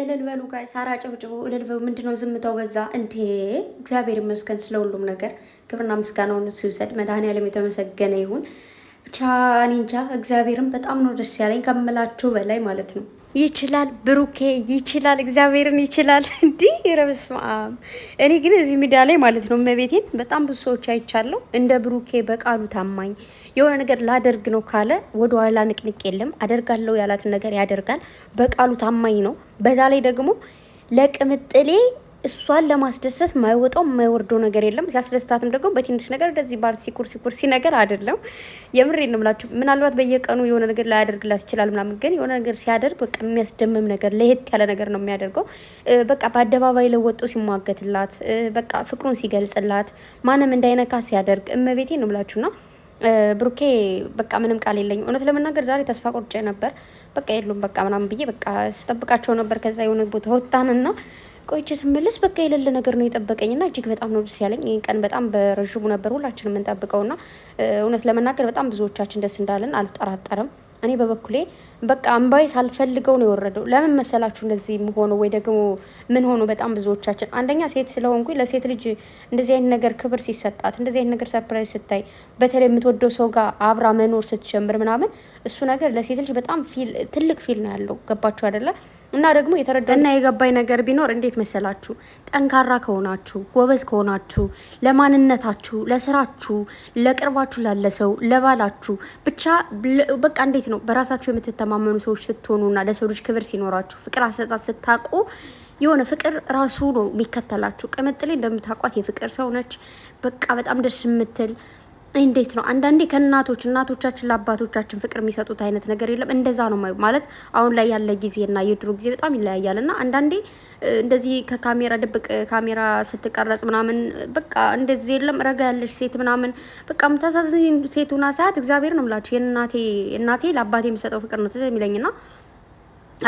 እልል በሉ ጋይ ሳራ ጭብጭቡ እልል በሉ። ምንድነው ዝምታው በዛ እንዴ? እግዚአብሔር ይመስገን ስለ ነገር ክብርና ምስጋናውን እሱ ይውሰድ። መድኃኒዓለም የተመሰገነ ይሁን። ብቻ እኔ እንጃ እግዚአብሔርም በጣም ነው ደስ ያለኝ ከምላችሁ በላይ ማለት ነው። ይችላል፣ ብሩኬ ይችላል፣ እግዚአብሔርን ይችላል። እንዲህ ረብስማ እኔ ግን እዚህ ሚዲያ ላይ ማለት ነው እመቤቴን በጣም ብዙ ሰዎች አይቻለሁ። እንደ ብሩኬ በቃሉ ታማኝ የሆነ ነገር ላደርግ ነው ካለ ወደ ኋላ ንቅንቅ የለም። አደርጋለሁ ያላትን ነገር ያደርጋል። በቃሉ ታማኝ ነው። በዛ ላይ ደግሞ ለቅምጥሌ እሷን ለማስደሰት የማይወጣው የማይወርደው ነገር የለም። ሲያስደስታትም ደግሞ በትንሽ ነገር እንደዚህ ባር ሲኩር ሲኩር ነገር አይደለም። የምሬ ነው የምላችሁ። ምናልባት በየቀኑ የሆነ ነገር ላያደርግላት ይችላል ምናምን፣ ግን የሆነ ነገር ሲያደርግ በቃ የሚያስደምም ነገር ለየት ያለ ነገር ነው የሚያደርገው። በቃ በአደባባይ ለወጡ ሲሟገትላት፣ በቃ ፍቅሩን ሲገልጽላት፣ ማንም እንዳይነካ ሲያደርግ እመቤቴ ነው ና ብሩኬ በቃ ምንም ቃል የለኝ። እውነት ለመናገር ዛሬ ተስፋ ቆርጬ ነበር። በቃ የሉም በቃ ምናምን ብዬ በቃ ስጠብቃቸው ነበር። ከዛ የሆነ ቦታ ወጣንና ቆይቼ ስመለስ በቃ የሌለ ነገር ነው የጠበቀኝ ና እጅግ በጣም ነው ደስ ያለኝ። ይህን ቀን በጣም በረዥሙ ነበር ሁላችን የምንጠብቀው ና እውነት ለመናገር በጣም ብዙዎቻችን ደስ እንዳለን አልጠራጠርም። እኔ በበኩሌ በቃ አምባዬ ሳልፈልገው ነው የወረደው። ለምን መሰላችሁ እንደዚህ ሆኖ ወይ ደግሞ ምን ሆኖ? በጣም ብዙዎቻችን አንደኛ ሴት ስለሆንኩ ለሴት ልጅ እንደዚህ አይነት ነገር ክብር ሲሰጣት፣ እንደዚህ አይነት ነገር ሰርፕራይዝ ስታይ፣ በተለይ የምትወደው ሰው ጋር አብራ መኖር ስትጀምር ምናምን እሱ ነገር ለሴት ልጅ በጣም ፊል ትልቅ ፊል ነው ያለው። ገባችሁ አይደለ? እና ደግሞ የተረዳ እና የገባኝ ነገር ቢኖር እንዴት መሰላችሁ፣ ጠንካራ ከሆናችሁ ጎበዝ ከሆናችሁ ለማንነታችሁ፣ ለስራችሁ፣ ለቅርባችሁ ላለ ሰው፣ ለባላችሁ ብቻ በቃ እንዴት ነው በራሳችሁ የምትተማመኑ ሰዎች እና ለሰው ልጅ ክብር ሲኖራችሁ፣ ፍቅር አሰጻ ስታውቁ የሆነ ፍቅር ራሱ ነው የሚከተላችሁ። ቅምጥሌ እንደምታውቋት የፍቅር ሰው ነች። በቃ በጣም ደስ የምትል እንዴት ነው አንዳንዴ ከእናቶች እናቶቻችን ለአባቶቻችን ፍቅር የሚሰጡት አይነት ነገር የለም። እንደዛ ነው ማለት አሁን ላይ ያለ ጊዜና የድሮ ጊዜ በጣም ይለያያል። እና አንዳንዴ እንደዚህ ከካሜራ ድብቅ ካሜራ ስትቀረጽ ምናምን በቃ እንደዚህ የለም። ረጋ ያለች ሴት ምናምን በቃ የምታሳዝኝ ሴት ሰዓት እግዚአብሔር ነው ምላቸው። የእናቴ እናቴ ለአባቴ የሚሰጠው ፍቅር ነው ትዝ የሚለኝና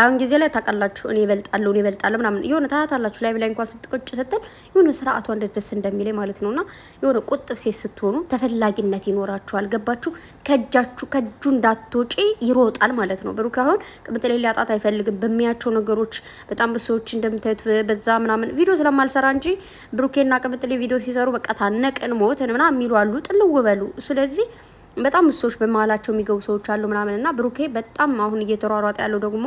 አሁን ጊዜ ላይ ታውቃላችሁ፣ እኔ ይበልጣለሁ እኔ ይበልጣለሁ ምናምን የሆነ ታያታላችሁ። ላይ ላይ እንኳን ስትቆጭ ስትል የሆነ ስርዓቷ እንደ ደስ እንደሚለኝ ማለት ነውና የሆነ ቁጥብ ሴት ስትሆኑ ተፈላጊነት ይኖራችሁ፣ ገባችሁ? ከእጃችሁ ከእጁ እንዳትወጪ ይሮጣል ማለት ነው። ብሩክ አሁን ቅምጥሌ ሊያጣት አይፈልግም። በሚያቸው ነገሮች በጣም ብሶዎች እንደምታዩት በዛ ምናምን ቪዲዮ ስለማልሰራ እንጂ ብሩኬና ቅምጥሌ ቪዲዮ ሲሰሩ በቃ ታነቅን ሞትን ምናምን የሚሉ አሉ። ጥልው በሉ ስለዚህ በጣም ብዙ ሰዎች በመሀላቸው የሚገቡ ሰዎች አሉ ምናምን እና ብሩኬ በጣም አሁን እየተሯሯጠ ያለው ደግሞ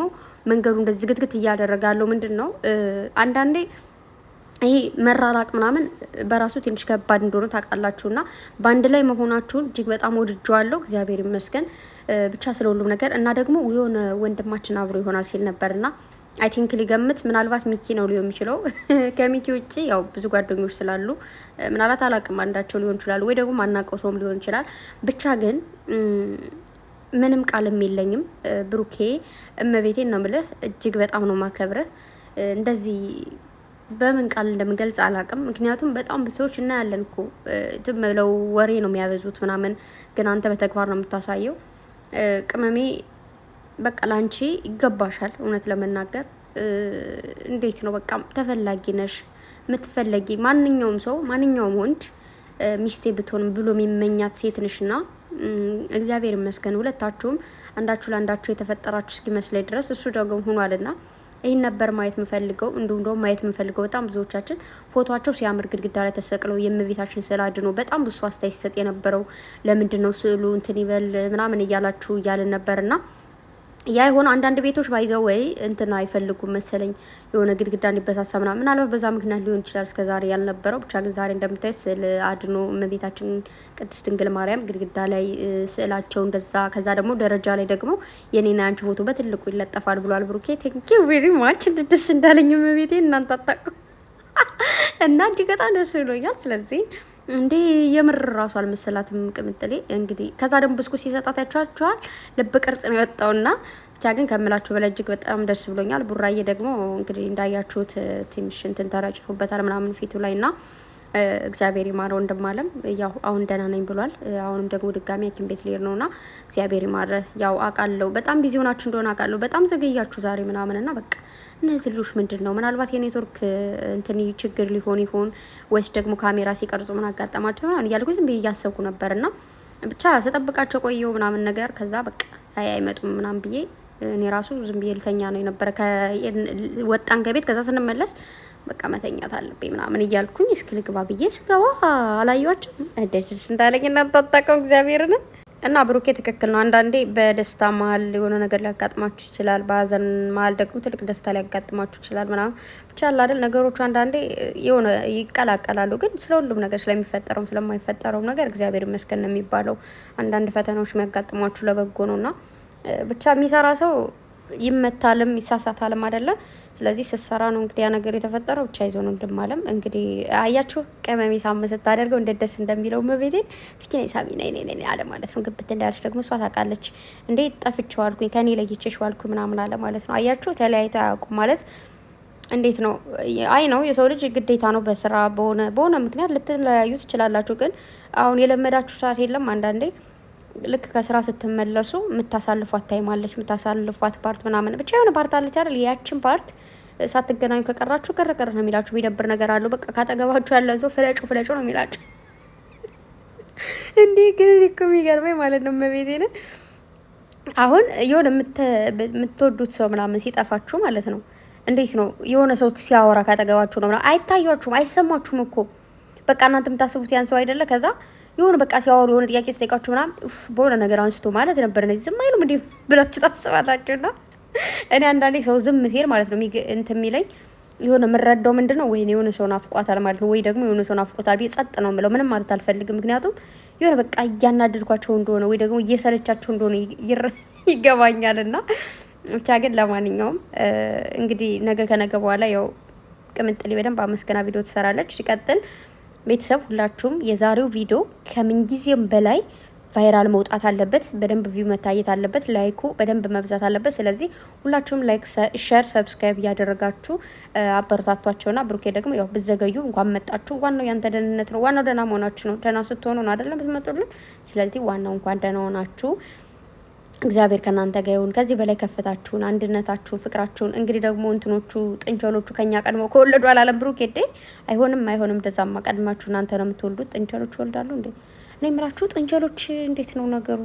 መንገዱ እንደዚህ ግትግት እያደረገ ያለው ምንድን ነው አንዳንዴ ይሄ መራራቅ ምናምን በራሱ ትንሽ ከባድ እንደሆነ ታውቃላችሁ። እና በአንድ ላይ መሆናችሁን እጅግ በጣም ወድጀዋለሁ። እግዚአብሔር ይመስገን ብቻ ስለ ሁሉም ነገር እና ደግሞ የሆነ ወንድማችን አብሮ ይሆናል ሲል ነበር እና አይ ቲንክ ሊገምት ምናልባት ሚኪ ነው ሊሆን የሚችለው። ከሚኪ ውጭ ያው ብዙ ጓደኞች ስላሉ ምናልባት አላቅም አንዳቸው ሊሆን ይችላል፣ ወይ ደግሞ ማናቀው ሰውም ሊሆን ይችላል። ብቻ ግን ምንም ቃልም የለኝም ብሩኬ፣ እመቤቴን ነው ምልህ፣ እጅግ በጣም ነው ማከብረህ። እንደዚህ በምን ቃል እንደምገልጽ አላቅም። ምክንያቱም በጣም ብዙዎች እናያለን እኮ ዝም ብለው ወሬ ነው የሚያበዙት ምናምን፣ ግን አንተ በተግባር ነው የምታሳየው። ቅመሜ በቃ ላንቺ ይገባሻል። እውነት ለመናገር እንዴት ነው በቃ ተፈላጊ ነሽ፣ ምትፈለጊ ማንኛውም ሰው ማንኛውም ወንድ ሚስቴ ብትሆን ብሎ የሚመኛት ሴት ነሽና እግዚአብሔር ይመስገን ሁለታችሁም አንዳችሁ ለአንዳችሁ የተፈጠራችሁ እስኪመስለኝ ድረስ እሱ ደግሞ ሆኗልና ይህን ነበር ማየት የምፈልገው። እንዲሁም ደግሞ ማየት የምፈልገው በጣም ብዙዎቻችን ፎቶቸው ሲያምር ግድግዳ ላይ ተሰቅለው የእመቤታችን ስዕል አድኖ በጣም ብዙ አስተያየት ሲሰጥ የነበረው ለምንድን ነው ስዕሉ እንትን ይበል ምናምን እያላችሁ እያልን ነበርና ያ የሆነ አንዳንድ ቤቶች ባይዘው ወይ እንትን አይፈልጉም መሰለኝ የሆነ ግድግዳ እንዲበሳሳ ምናምን ምናልባት በዛ ምክንያት ሊሆን ይችላል እስከ ዛሬ ያልነበረው። ብቻ ግን ዛሬ እንደምታይ ስዕል አድኖ እመቤታችን ቅድስት ድንግል ማርያም ግድግዳ ላይ ስዕላቸው እንደዛ፣ ከዛ ደግሞ ደረጃ ላይ ደግሞ የኔና ያንቺ ፎቶ በትልቁ ይለጠፋል ብሏል ብሩኬ። ቴንኪ ቬሪ ማች ደስ እንዳለኝ እመቤቴ እናንተ አታውቁም እና እጅግ በጣም ደስ ብሎኛል። ስለዚህ እንዴ የምር ራሱ አልመሰላትም ቅምጥሌ። እንግዲህ ከዛ ደግሞ ብስኩት ሲሰጣት ያቸዋቸዋል። ልብ ቅርጽ ነው የወጣውና ብቻ ግን ከምላችሁ በላይ እጅግ በጣም ደስ ብሎኛል። ቡራዬ ደግሞ እንግዲህ እንዳያችሁት ትንሽ እንትን ተረጭቶበታል ምናምን ፊቱ ላይ ና እግዚአብሔር ይማረው እንደማለም ያው አሁን ደህና ነኝ ብሏል። አሁንም ደግሞ ድጋሚ ሐኪም ቤት ሊሄድ ነውና እግዚአብሔር ይማረ። ያው አውቃለሁ በጣም ቢዚ ሆናችሁ እንደሆነ አውቃለሁ። በጣም ዘገያችሁ ዛሬ ምናምንና በቃ እነዚህ ልጆች ምንድን ነው ምናልባት የኔትወርክ እንትን ችግር ሊሆን ይሆን ወይስ ደግሞ ካሜራ ሲቀርጹ ምን አጋጠማቸው ይሆናል እያልኩ ዝም ብዬ እያሰብኩ ነበር ና ብቻ ስጠብቃቸው ቆየው ምናምን ነገር ከዛ በቃ አይ አይመጡም ምናምን ብዬ እኔ ራሱ ዝም ብዬ ልተኛ ነው የነበረ። ወጣን ከቤት ከዛ ስንመለስ በቃ መተኛት አለብኝ ምናምን እያልኩኝ እስኪ ልግባ ብዬ ስገባ አላዩዋቸውም። ደስ እንዳለኝ እናታጣቀው እግዚአብሔርን እና ብሩኬ ትክክል ነው። አንዳንዴ በደስታ መሀል የሆነ ነገር ሊያጋጥማችሁ ይችላል። በሀዘን መሀል ደግሞ ትልቅ ደስታ ሊያጋጥማችሁ ይችላል ምናምን ብቻ አይደል ነገሮቹ አንዳንዴ የሆነ ይቀላቀላሉ። ግን ስለ ሁሉም ነገር ስለሚፈጠረውም ስለማይፈጠረውም ነገር እግዚአብሔር ይመስገን ነው የሚባለው። አንዳንድ ፈተናዎች የሚያጋጥሟችሁ ለበጎ ነው እና ብቻ የሚሰራ ሰው ይመታልም ይሳሳታልም አይደለ? ስለዚህ ስትሰራ ነው እንግዲህ ያ ነገር የተፈጠረው። ብቻ ይዞ ነው እንደማለም እንግዲህ አያችሁ፣ ቀመሜ ሳም ስታደርገው እንደ ደስ እንደሚለው መቤቴን። እስኪ ነይ ሳሚ ነይ አለ ማለት ነው። ግብት እንዳለች ደግሞ እሷ ታውቃለች። እንዴ ጠፍቼ ዋልኩኝ ከኔ ለይቼሽ ዋልኩ ምናምን አለ ማለት ነው። አያችሁ፣ ተለያይቶ አያውቁም ማለት እንዴት ነው? አይ ነው የሰው ልጅ ግዴታ ነው። በስራ በሆነ በሆነ ምክንያት ልትለያዩ ትችላላችሁ። ግን አሁን የለመዳችሁ ሰዓት የለም አንዳንዴ ልክ ከስራ ስትመለሱ የምታሳልፏት ታይማለች የምታሳልፏት ፓርት ምናምን ብቻ የሆነ ፓርት አለች አይደል? ያችን ፓርት ሳትገናኙ ከቀራችሁ ቅርቅር ነው የሚላችሁ። የሚደብር ነገር አለው። በቃ ካጠገባችሁ ያለን ሰው ፍለጩ ፍለጩ ነው የሚላችሁ። እንዴ ግን እኮ የሚገርመኝ ማለት ነው መቤቴን አሁን የሆነ የምትወዱት ሰው ምናምን ሲጠፋችሁ ማለት ነው እንዴት ነው የሆነ ሰው ሲያወራ ካጠገባችሁ ነው ምናምን አይታያችሁም፣ አይሰማችሁም እኮ በቃ እናንተ የምታስቡት ያን ሰው አይደለ ከዛ የሆነ በቃ ሲያወሩ የሆነ ጥያቄ ተጠይቃችሁ ምናምን በሆነ ነገር አንስቶ ማለት ነበር። እነዚህ ዝም አይሉም እንዲ ብላችሁ ና እኔ አንዳንዴ ሰው ዝም ሲሄድ ማለት ነው እንትን የሚለኝ የሆነ የምረዳው ምንድን ነው ወይ የሆነ ሰውን አፍቋታል ማለት ነው፣ ወይ ደግሞ የሆነ ሰውን አፍቋታል ብዬ ጸጥ ነው የምለው። ምንም ማለት አልፈልግም። ምክንያቱም የሆነ በቃ እያናደድኳቸው እንደሆነ ወይ ደግሞ እየሰለቻቸው እንደሆነ ይገባኛል። ና ብቻ ግን ለማንኛውም እንግዲህ ነገ ከነገ በኋላ ያው ቅምጥሌ በደንብ አመስገና ቪዲዮ ትሰራለች ሲቀጥል ቤተሰብ ሁላችሁም የዛሬው ቪዲዮ ከምንጊዜም በላይ ቫይራል መውጣት አለበት። በደንብ ቪው መታየት አለበት። ላይኩ በደንብ መብዛት አለበት። ስለዚህ ሁላችሁም ላይክ፣ ሸር፣ ሰብስክራይብ እያደረጋችሁ አበረታቷቸውና ብሩኬ ደግሞ ያው ብዘገዩ እንኳን መጣችሁ። ዋናው ያንተ ደህንነት ነው። ዋናው ደህና መሆናችሁ ነው። ደህና ስትሆኑ ነው አይደለም ብትመጡልን። ስለዚህ ዋናው እንኳን ደህና ሆናችሁ እግዚአብሔር ከእናንተ ጋር ይሁን። ከዚህ በላይ ከፍታችሁን፣ አንድነታችሁን፣ ፍቅራችሁን እንግዲህ ደግሞ እንትኖቹ ጥንቸሎቹ ከኛ ቀድሞ ከወለዱ አላለም ብሩክ ሄዴ አይሆንም፣ አይሆንም። እንደዛማ ቀድማችሁ እናንተ ነው የምትወልዱት። ጥንቸሎች ይወልዳሉ እንዴ? እኔ ምላችሁ ጥንቸሎች እንዴት ነው ነገሩ?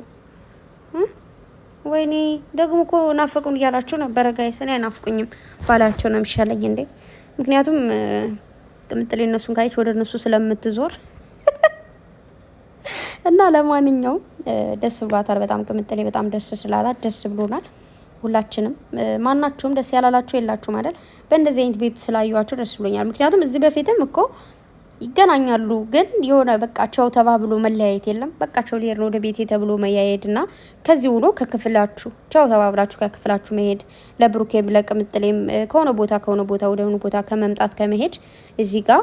ወይኔ ደግሞ እኮ ናፈቁን እያላችሁ ነበረ ጋይስ። እኔ አናፍቁኝም ባላቸው ነው የሚሻለኝ እንዴ። ምክንያቱም ቅምጥሌ እነሱን ካየች ወደ እነሱ ስለምትዞር እና ለማንኛውም ደስ ብሏታል። በጣም ቅምጥሌ በጣም ደስ ስላላት ደስ ብሎናል። ሁላችንም ማናችሁም ደስ ያላላችሁ የላችሁ ማለት በእንደዚህ አይነት ቤት ስላዩዋችሁ ደስ ብሎኛል። ምክንያቱም እዚህ በፊትም እኮ ይገናኛሉ፣ ግን የሆነ በቃ ቸው ተባብሎ መለያየት የለም። በቃ ቸው ሊሄድ ነው ወደ ቤቴ ተብሎ መያየድ እና ከዚህ ውሎ ከክፍላችሁ ቸው ተባብላችሁ ከክፍላችሁ መሄድ ለብሩኬም ለቅምጥሌም ከሆነ ቦታ ከሆነ ቦታ ወደ ሆነ ቦታ ከመምጣት ከመሄድ እዚህ ጋር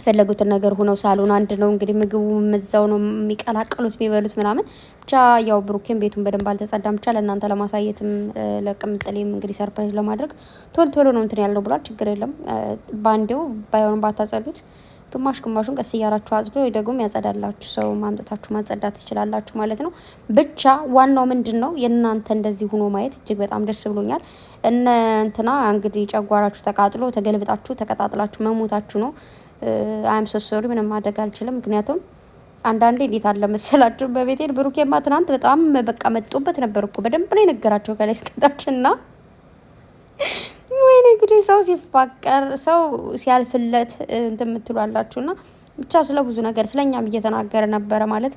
የፈለጉትን ነገር ሆነው ሳሎን አንድ ነው እንግዲህ ምግቡ መዛው ነው የሚቀላቀሉት የሚበሉት ምናምን ብቻ ያው ብሩኬን ቤቱን በደንብ አልተጸዳም። ብቻ ለእናንተ ለማሳየትም ለቅምጥሌም እንግዲህ ሰርፕራይዝ ለማድረግ ቶሎ ቶሎ ነው እንትን ያለው ብሏል። ችግር የለም ባንዴው ባይሆን ባታጸዱት ግማሽ ግማሹን ቀስ እያላችሁ አጽዶ ወይ ደግሞ ያጸዳላችሁ ሰው ማምጠታችሁ ማጸዳት ትችላላችሁ ማለት ነው። ብቻ ዋናው ምንድን ነው የእናንተ እንደዚህ ሆኖ ማየት እጅግ በጣም ደስ ብሎኛል። እነ እንትና እንግዲህ ጨጓራችሁ ተቃጥሎ ተገልብጣችሁ ተቀጣጥላችሁ መሞታችሁ ነው። አይም ሶሶሪ ምንም ማድረግ አልችልም። ምክንያቱም አንዳንዴ እንዴት አለ መሰላችሁ በቤቴል ብሩኬማ ትናንት በጣም በቃ መጡበት ነበር እኮ በደንብ ነው የነገራቸው ከላይ እስከታችንና ወይኔ እንግዲህ ሰው ሲፋቀር ሰው ሲያልፍለት እንትን የምትሉ ብቻ ስለ ብዙ ነገር ስለኛም እየተናገረ ነበረ። ማለት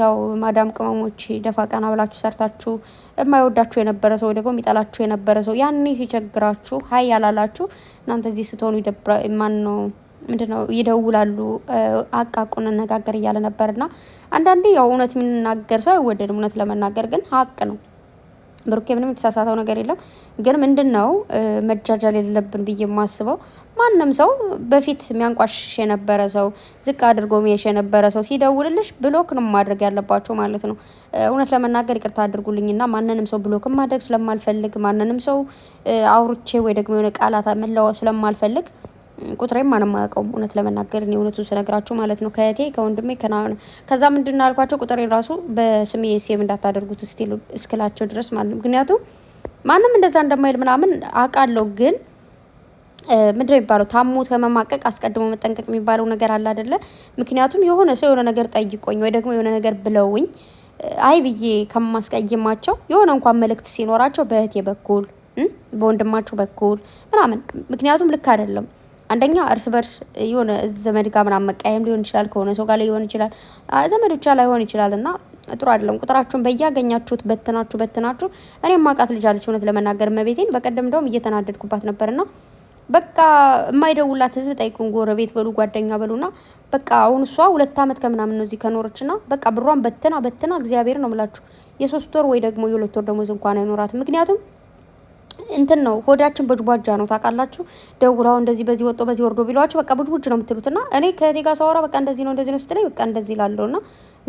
ያው ማዳም ቅመሞች ደፋ ቀና ብላችሁ ሰርታችሁ የማይወዳችሁ የነበረ ሰው ደግሞ የሚጠላችሁ የነበረ ሰው ያኔ ሲቸግራችሁ ሀይ ያላላችሁ እናንተ እዚህ ስትሆኑ ይደብራ ማን ነው ምንድነው ይደውላሉ፣ አቃቁን እነጋገር እያለ ነበር። ና አንዳንዴ ያው እውነት የሚናገር ሰው አይወደድም። እውነት ለመናገር ግን ሀቅ ነው። ብሩኬ ምንም የተሳሳተው ነገር የለም። ግን ምንድን ነው መጃጃል የለብን ብዬ የማስበው ማንም ሰው በፊት የሚያንቋሽሽ የነበረ ሰው ዝቅ አድርጎ ሚሄሽ የነበረ ሰው ሲደውልልሽ ብሎክ ነው ማድረግ ያለባቸው ማለት ነው። እውነት ለመናገር ይቅርታ አድርጉልኝና ማንንም ሰው ብሎክ ማድረግ ስለማልፈልግ ማንንም ሰው አውርቼ ወይ ደግሞ የሆነ ቃላት መለዋ ስለማልፈልግ ቁጥሬም ማንም አያውቀውም። እውነት ለመናገር እኔ እውነቱን ስነግራችሁ ማለት ነው ከእህቴ ከወንድሜ ከናሆነ ከዛ ምንድን አልኳቸው ቁጥሬን ራሱ በስሜ ሴም እንዳታደርጉት ስቲል እስክላቸው ድረስ ማለት ነው። ምክንያቱም ማንም እንደዛ እንደማይል ምናምን አውቃለሁ ግን ምንድን ነው የሚባለው? ታሞ ከመማቀቅ አስቀድሞ መጠንቀቅ የሚባለው ነገር አለ አይደለ? ምክንያቱም የሆነ ሰው የሆነ ነገር ጠይቆኝ ወይ ደግሞ የሆነ ነገር ብለውኝ አይ ብዬ ከማስቀይማቸው የሆነ እንኳን መልእክት ሲኖራቸው በእህቴ በኩል በወንድማቸው በኩል ምናምን፣ ምክንያቱም ልክ አይደለም። አንደኛ እርስ በርስ የሆነ ዘመድ ጋር ምናምን መቀያየም ሊሆን ይችላል፣ ከሆነ ሰው ጋር ሊሆን ይችላል፣ ዘመድ ብቻ ላይሆን ይችላል እና ጥሩ አይደለም። ቁጥራችሁን በያገኛችሁት በትናችሁ በትናችሁ። እኔም ማቃት ልጅ አለች እውነት ለመናገር መቤቴን በቀደም እንደውም እየተናደድኩባት ነበርና በቃ የማይደውላት ህዝብ ጠይቁን፣ ጎረቤት በሉ ጓደኛ በሉና በቃ አሁን እሷ ሁለት ዓመት ከምናምን ነው እዚህ ከኖረችና በቃ ብሯን በትና በትና እግዚአብሔር ነው ምላችሁ። የሶስት ወር ወይ ደግሞ የሁለት ወር ደሞዝ እንኳን አይኖራት ምክንያቱም እንትን ነው ሆዳችን በጅቧጃ ነው ታውቃላችሁ። ደውለው እንደዚህ በዚህ ወጦ በዚህ ወርዶ ቢሏችሁ በቃ ብጅቡጅ ነው የምትሉት። እና እኔ ከእኔ ጋር ሳወራ በቃ እንደዚህ ነው እንደዚህ ነው ስትለኝ በቃ እንደዚህ እላለሁ። እና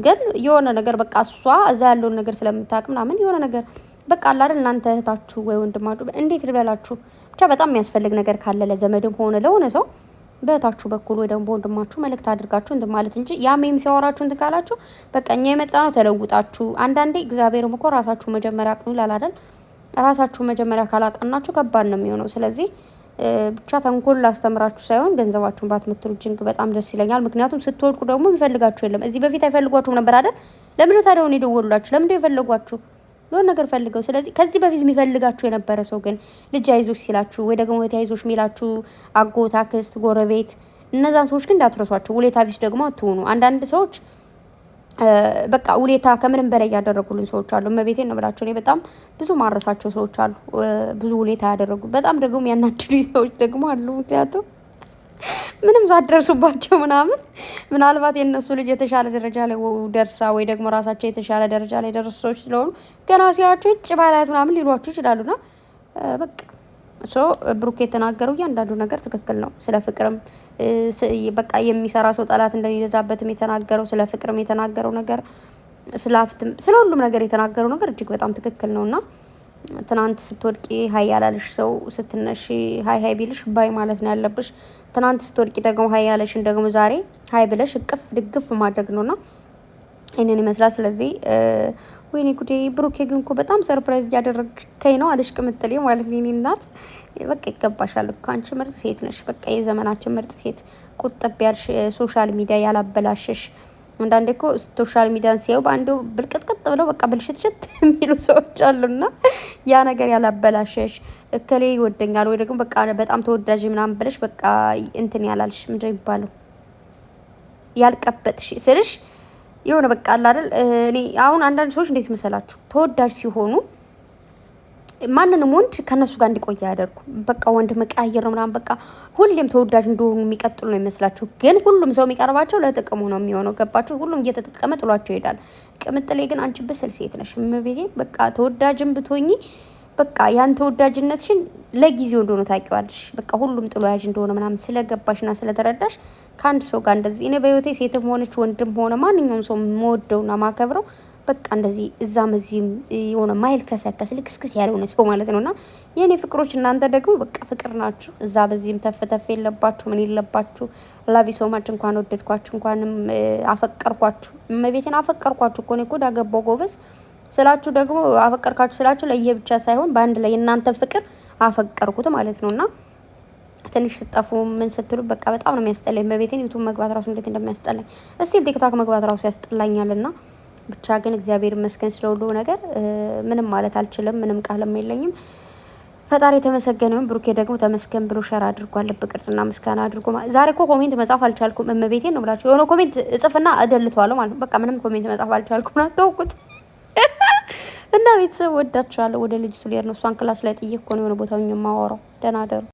ግን የሆነ ነገር በቃ እሷ እዛ ያለውን ነገር ስለምታውቅ ምናምን የሆነ ነገር በቃ አላል እናንተ እህታችሁ ወይ ወንድማችሁ እንዴት ልበላችሁ ብቻ በጣም የሚያስፈልግ ነገር ካለ ለዘመድም ሆነ ለሆነ ሰው በእህታችሁ በኩል ወይ ደግሞ በወንድማችሁ መልእክት አድርጋችሁ እንትን ማለት እንጂ ያ ሜም ሲያወራችሁ እንትን ካላችሁ በቃ እኛ የመጣ ነው ተለውጣችሁ። አንዳንዴ እግዚአብሔርም እኮ ራሳችሁ መጀመሪያ አቅኑ ይላል አይደል ራሳችሁ መጀመሪያ ካላጠናችሁ ከባድ ነው የሚሆነው። ስለዚህ ብቻ ተንኮል ላስተምራችሁ ሳይሆን ገንዘባችሁን ባትመትሉ ጅንግ በጣም ደስ ይለኛል። ምክንያቱም ስትወድቁ ደግሞ የሚፈልጋችሁ የለም። እዚህ በፊት አይፈልጓችሁም ነበር አይደል? ለምንድነው ታዲያ አሁን የደወሉላችሁ? ለምንድነው የፈለጓችሁ? የሆነ ነገር ፈልገው። ስለዚህ ከዚህ በፊት የሚፈልጋችሁ የነበረ ሰው ግን ልጅ አይዞች ሲላችሁ ወይ ደግሞ እህት አይዞሽ የሚላችሁ አጎት፣ አክስት፣ ጎረቤት እነዛን ሰዎች ግን እንዳትረሷቸው። ውለታ ቢስ ደግሞ አትሆኑ። አንዳንድ ሰዎች በቃ ውለታ ከምንም በላይ ያደረጉልን ሰዎች አሉ። እመቤቴን ነው ብላቸው። እኔ በጣም ብዙ ማረሳቸው ሰዎች አሉ፣ ብዙ ውለታ ያደረጉ። በጣም ደግሞ ያናድዱ ሰዎች ደግሞ አሉ። ምክንያቱም ምንም ሳትደርሱባቸው ምናምን ምናልባት የእነሱ ልጅ የተሻለ ደረጃ ላይ ደርሳ ወይ ደግሞ ራሳቸው የተሻለ ደረጃ ላይ ደርሱ ሰዎች ስለሆኑ ገና ሲያቸው ጭባላት ምናምን ሊሏችሁ ይችላሉና በቃ ሶ ብሩክ የተናገረው እያንዳንዱ ነገር ትክክል ነው። ስለ ፍቅርም በቃ የሚሰራ ሰው ጠላት እንደሚበዛበትም የተናገረው ስለ ፍቅርም የተናገረው ነገር ስለ ሀፍትም ስለ ሁሉም ነገር የተናገረው ነገር እጅግ በጣም ትክክል ነው እና ትናንት ስትወድቂ ሀይ ያላልሽ ሰው ስትነሽ ሀይ ሀይ ቢልሽ ባይ ማለት ነው ያለብሽ። ትናንት ስትወድቂ ደግሞ ሀይ ያለሽን ደግሞ ዛሬ ሀይ ብለሽ እቅፍ ድግፍ ማድረግ ነው እና ይህንን ይመስላል። ስለዚህ ወይኔ ጉዴ ብሩኬ ግን እኮ በጣም ሰርፕራይዝ እያደረግከኝ ነው አለሽ ቅምጥሌ ማለት ነው። እናት በቃ ይገባሻል እኮ አንቺ ምርጥ ሴት ነሽ። በቃ የዘመናችን ምርጥ ሴት ቁጥብ ያልሽ፣ ሶሻል ሚዲያ ያላበላሸሽ። አንዳንዴ እኮ ሶሻል ሚዲያን ሲያዩ በአንዱ ብልቅጥቅጥ ብለው በቃ ብልሽትሽት የሚሉ ሰዎች አሉና ያ ነገር ያላበላሸሽ እከሌ ይወደኛል ወይ ደግሞ በቃ በጣም ተወዳጅ ምናምን ብለሽ በቃ እንትን ያላልሽ ምንድን ይባለው ያልቀበጥሽ ስልሽ የሆነ በቃ አለ አይደል? እኔ አሁን አንዳንድ ሰዎች እንዴት መሰላችሁ ተወዳጅ ሲሆኑ ማንንም ወንድ ከነሱ ጋር እንዲቆይ አያደርጉ። በቃ ወንድ መቀያየር ነው ምናምን በቃ ሁሌም ተወዳጅ እንደሆኑ የሚቀጥሉ ነው ይመስላችሁ። ግን ሁሉም ሰው የሚቀርባቸው ለጥቅሙ ነው የሚሆነው። ገባቸው? ሁሉም እየተጠቀመ ጥሏቸው ይሄዳል። ቅምጥሌ ግን አንቺ ብስል ሴት ነሽ። ምቤቴ በቃ ተወዳጅም ብትሆኚ በቃ ያን ተወዳጅነትሽን ለጊዜው እንደሆነ ታውቂዋለሽ። በቃ ሁሉም ጥሎ ያዥ እንደሆነ ምናምን ስለገባሽና ስለተረዳሽ ከአንድ ሰው ጋር እንደዚህ እኔ በህይወቴ ሴትም ሆነች ወንድም ሆነ ማንኛውም ሰው የምወደውና ማከብረው በቃ እንደዚህ እዛም እዚህም የሆነ ማይል ከሰከስ ልክስክስ ያለሆነ ሰው ማለት ነው። እና የእኔ ፍቅሮች እናንተ ደግሞ በቃ ፍቅር ናችሁ። እዛ በዚህም ተፍተፍ የለባችሁ ምን የለባችሁ። ላቪ ሶማች እንኳን ወደድኳችሁ፣ እንኳንም አፈቀርኳችሁ። እመቤቴን አፈቀርኳችሁ እኮ እኔ እኮ ዳገባው ጎበዝ ስላችሁ ደግሞ አፈቀርካችሁ ስላችሁ ለየ ብቻ ሳይሆን በአንድ ላይ እናንተ ፍቅር አፈቀርኩት ማለት ነውና ትንሽ ስጠፉ ምን ስትሉ በቃ በጣም ነው የሚያስጠላኝ። በቤቴን ዩቱብ መግባት ራሱ እንዴት እንደሚያስጠላኝ እስቲል ቲክታክ መግባት ራሱ ያስጠላኛልና ብቻ ግን እግዚአብሔር ይመስገን ስለሁሉ ነገር ምንም ማለት አልችልም። ምንም ቃልም የለኝም። ፈጣሪ የተመሰገነውን ብሩኬ ደግሞ ተመስገን ብሎ ሸር አድርጓል። ልብ ቅርጽና ምስጋና አድርጎ ዛሬ እኮ ኮሜንት መጻፍ አልቻልኩም። እመቤቴን ነው ብላችሁ የሆነ ኮሜንት እጽፍና እደልተዋለሁ ማለት ነው። በቃ ምንም ኮሜንት መጻፍ አልቻልኩም ነው ተውኩት። እና ቤተሰብ ወዳችኋለሁ። ወደ ልጅቱ ሊሄድ ነው። እሷን ክላስ ላይ ጥዬ እኮ ነው የሆነ ቦታ የማወራው። ደህና ደሩ